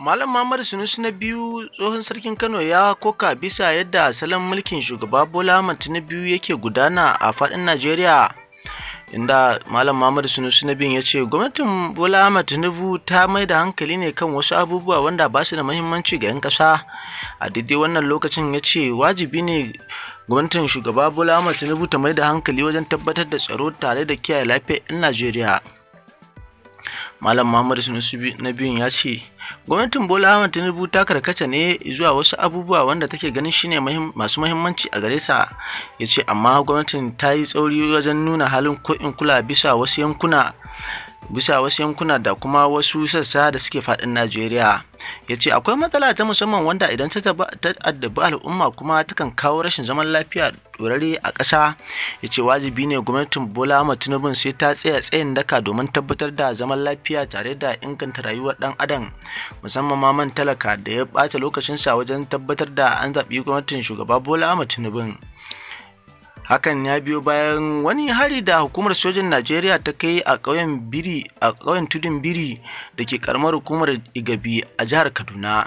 Malam Mamar Sunusi na biyu tsohon sarkin Kano ya koka bisa yadda salon mulkin shugaba Bola Ahmed Tinubu yake gudana a faɗin Najeriya. Inda Malam Mamar Sunusi na biyu ya ce gwamnatin Bola Ahmed Tinubu ta mai da hankali ne kan wasu abubuwa wanda ba su da muhimmanci ga 'yan ƙasa. A daidai wannan lokacin ya ce wajibi ne gwamnatin shugaba Bola Ahmed Tinubu ta mai da hankali wajen tabbatar da tsaro tare da kiyaye lafiyar 'yan Najeriya. Malam Muhammad Sunusi na biyun ya ce gwamnatin bola ahmad tinubu ta karkace ne zuwa wasu abubuwa wanda take ganin shine masu mahimmanci a gare yace ya ce amma gwamnatin ta yi tsauri wajen nuna halin ko'in kula bisa wasu yankuna bisa wasu yankuna da kuma wasu sassa da suke faɗin najeriya ya ce akwai matsala ta musamman wanda idan ta addabi al'umma kuma takan kawo rashin zaman lafiya durare a ƙasa ya ce wajibi ne gwamnatin bola ahmad tinubu sai ta tsaya tsayin daka domin tabbatar da zaman lafiya tare da inganta rayuwar ɗan adam musamman ma man talaka da ya ɓata lokacinsa wajen tabbatar da an zaɓi gwamnatin shugaba bola ahmad tinubu hakan ya biyo bayan wani hari da hukumar sojin najeriya ta kai a ƙauyen tudun biri da ke ƙaramar hukumar igabi a jihar kaduna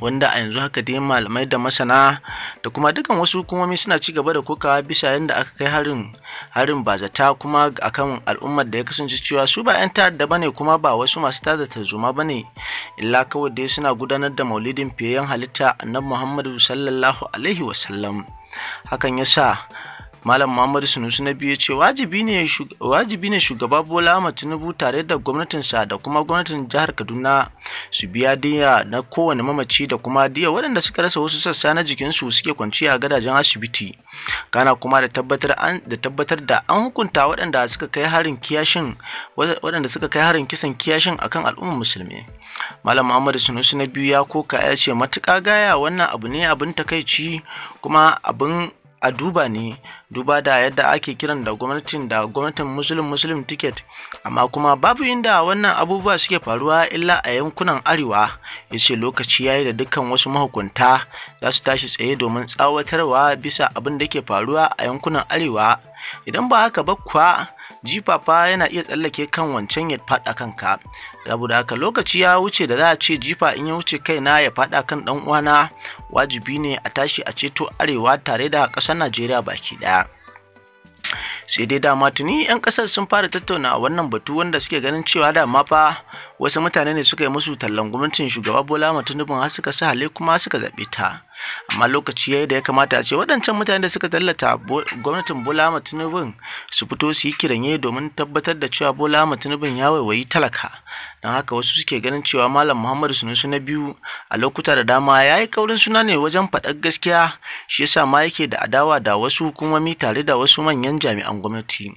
wanda a yanzu haka dai malamai da masana da kuma dukan wasu hukumomi suna ci gaba da kokawa bisa yadda aka kai harin harin bazata kuma akan al'ummar da ya kasance cewa su ba 'yan ta'adda ba ne kuma ba wasu masu tada tarzoma ba ne illa kawai dai suna gudanar da maulidin fiyayyen halitta annabi muhammadu sallallahu alaihi wasallam hakan ya sa Malam muhammad Sunusi na biyu ce wajibi ne shugaba Bola ma Tinubu tare da gwamnatinsa da kuma gwamnatin jihar Kaduna su biya diya na kowane mamaci da kuma diya waɗanda suka rasa wasu sassa na jikinsu suke kwanciya a gadajen asibiti. Kana kuma da tabbatar da an hukunta waɗanda suka kai harin kiyashin waɗanda suka kai harin kisan kiyashin akan al'ummar musulmi. Malam muhammad Sunusi na biyu ya koka ya ce matuƙa gaya wannan abu ne abin takaici kuma abin a duba ne duba da yadda ake kiran da gwamnatin da gwamnatin muslim muslim ticket amma kuma babu inda wannan abubuwa suke faruwa illa a yankunan arewa ya ce lokaci yayi da dukkan wasu mahukunta za su tashi tsaye domin tsawatarwa bisa abin da ke faruwa a yankunan arewa idan ba haka ba kuwa jifafa yana iya tsallake kan wancan ya faɗa kanka saboda haka lokaci ya wuce da za a ce jifa in ya wuce kai na ya faɗa kan ɗan uwana wajibi ne a tashi a ceto arewa tare da ƙasar najeriya baki ɗaya sai dai dama tuni 'yan kasar sun fara tattauna wannan batu wanda suke ganin cewa dama fa wasu mutane ne suka yi musu tallan gwamnatin shugaba bola matunubin har suka sa hale kuma suka zaɓe ta amma lokaci yayi da ya kamata a ce waɗancan mutane da suka tallata gwamnatin bola Tinubu su fito su yi kiranye domin tabbatar da cewa bola Tinubu ya waiwayi talaka don haka wasu suke ganin cewa malam muhammadu sunusu na biyu a lokuta da dama ya yi kaurin suna ne wajen faɗar gaskiya shi yasa ma yake da adawa da wasu hukumomi tare da wasu manyan jami'an gwamnati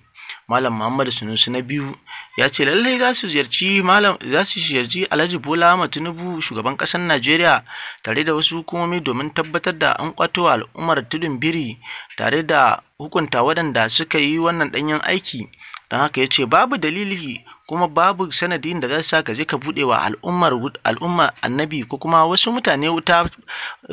malam muhammadu sunusu na biyu ya ce lallai za su ziyarci malam za su ziyarci alhaji bola ahmad tinubu shugaban ƙasar najeriya tare da wasu hukumomi domin tabbatar da an kwato al'ummar tudun biri tare da hukunta waɗanda suka yi wannan ɗanyen aiki don haka ya ce babu dalili kuma babu sanadin da zai sa ka je ka bude wa al'ummar al'umma annabi ko kuma wasu mutane wuta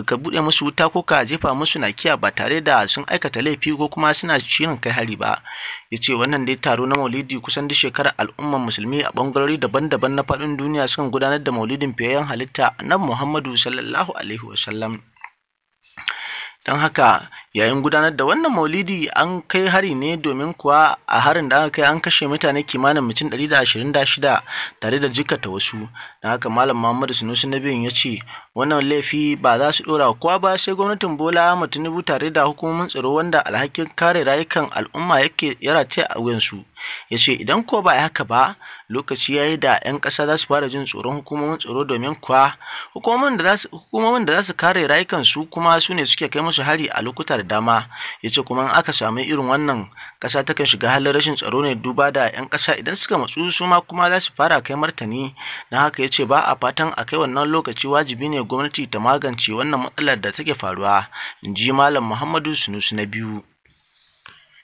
ka bude musu wuta ko ka jefa musu na kiya ba tare da sun aikata laifi ko kuma suna shirin kai hari ba yace wannan dai taro na maulidi kusan duk shekarar al'ummar musulmi a bangarori daban-daban na faɗin duniya sukan gudanar da maulidin fiyayen halitta annabi Muhammadu sallallahu alaihi wasallam don haka yayin gudanar da wannan maulidi an kai hari ne domin kuwa a harin da aka kai an kashe mutane kimanin mutum 126 tare da jikata wasu don haka malam muhammadu sunusi na biyun ya ce wannan laifi ba za su dora kowa ba sai gwamnatin bola ahmad tare da hukumomin tsaro wanda alhakin kare rayukan al'umma yake yara a wuyansu ya ce idan ko ba haka ba lokaci ya yi da 'yan ƙasa za su fara jin tsoron hukumomin tsaro domin kuwa hukumomin da za su kare rayukansu kuma su ne suke kai musu hari a lokuta da dama ya ce kuma aka samu irin wannan ƙasa ta kan shiga halin rashin tsaro ne duba da 'yan ƙasa idan suka matsu su ma kuma za su fara kai martani na haka ya ce ba a fatan a kai wannan lokaci wajibi ne gwamnati ta magance wannan matsalar da take faruwa in ji malam muhammadu sunusu na biyu